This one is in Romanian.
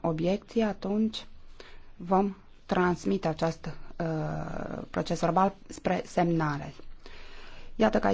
obiecții, atunci vom transmite acest uh, proces verbal spre semnale. Iată că